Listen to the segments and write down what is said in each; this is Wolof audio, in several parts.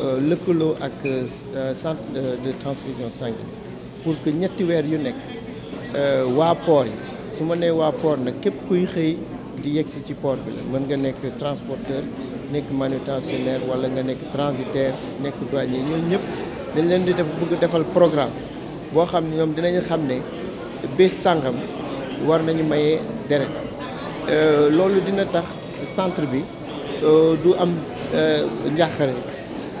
Euh, lëkkaloo ak euh, euh, centre de transfusion sanguine pour que ñetti weer yu nekk waa port yi su ma nee waa port na képp kuy xëy di yegsi ci port bi la mën nga nekk transporteur nekk manutentionnaire wala nga nekk transitaire nekk douanier ñoom ñëpp dañ leen di def bugg defal programme boo xam ne ñoom dinañ xam ne bés sàngam war nañu mayee deret loolu dina tax centre bi du am njàqare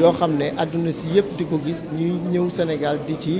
yoo xam ne àdduna si yëpp gis ñuy ñëw Sénégal di ci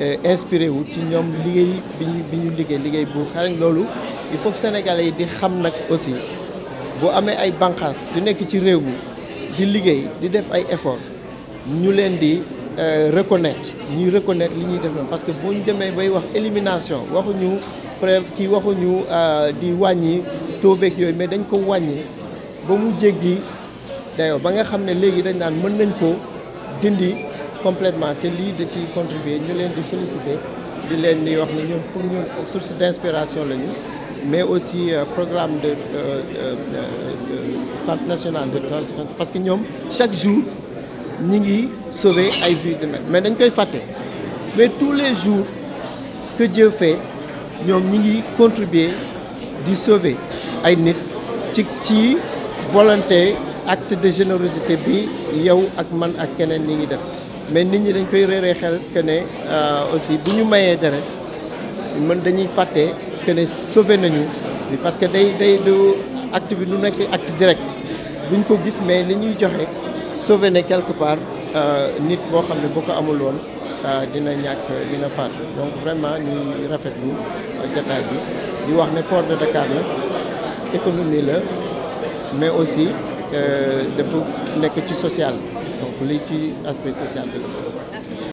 eh, inspiré wu ci ñoom liggéey bi ñu bi bu xarañ loolu il faut que sénégalais di xam nag aussi bu amé ay banqaas yu nekk ci réew mi di liggéey di def ay effort ñu leen di eh, reconnaître ñu reconnaître li ñuy def na parce que bu démé bay wax élimination waxu ñu preuve ki waxu ñu ah, di wañi taux beeg yooyu mais dañ ko wañi ba mu jéggi. D'ailleurs, ba nga savez ne léegi dañ naan mën nañ koo dindi complètement te lii qui ciy contribuer ñu leen di féliciter di leen dire wax ne ñoom pour source d'inspiration mais aussi euh, programme de euh, euh, centre national de parce que nous, chaque jour nous ngi sauver ay vies même. mais dañ koy mais tous les jours que Dieu fait nous ñi ngi contribuer sauver ay nit ci ci volonté acte de générosité bi yow ak man ak keneen ñi ngi def mais nit ñi dañ koy réeree xel que ne euh, aussi bu ñu mayee deret man dañuy fàtte que ne sauvé nañu parce que day day du acte bi du nekk acte direct duñ ko gis mais li ñuy joxe sauvé ne quelque part euh, nit boo xam ne bu ko amul woon euh, dina ñàkk dina faatu donc vraiment ñuy rafetlu jataay bi di wax ne port de Dakar la économie la mais aussi Euh, de l'écriture sociale, donc l'étude aspect social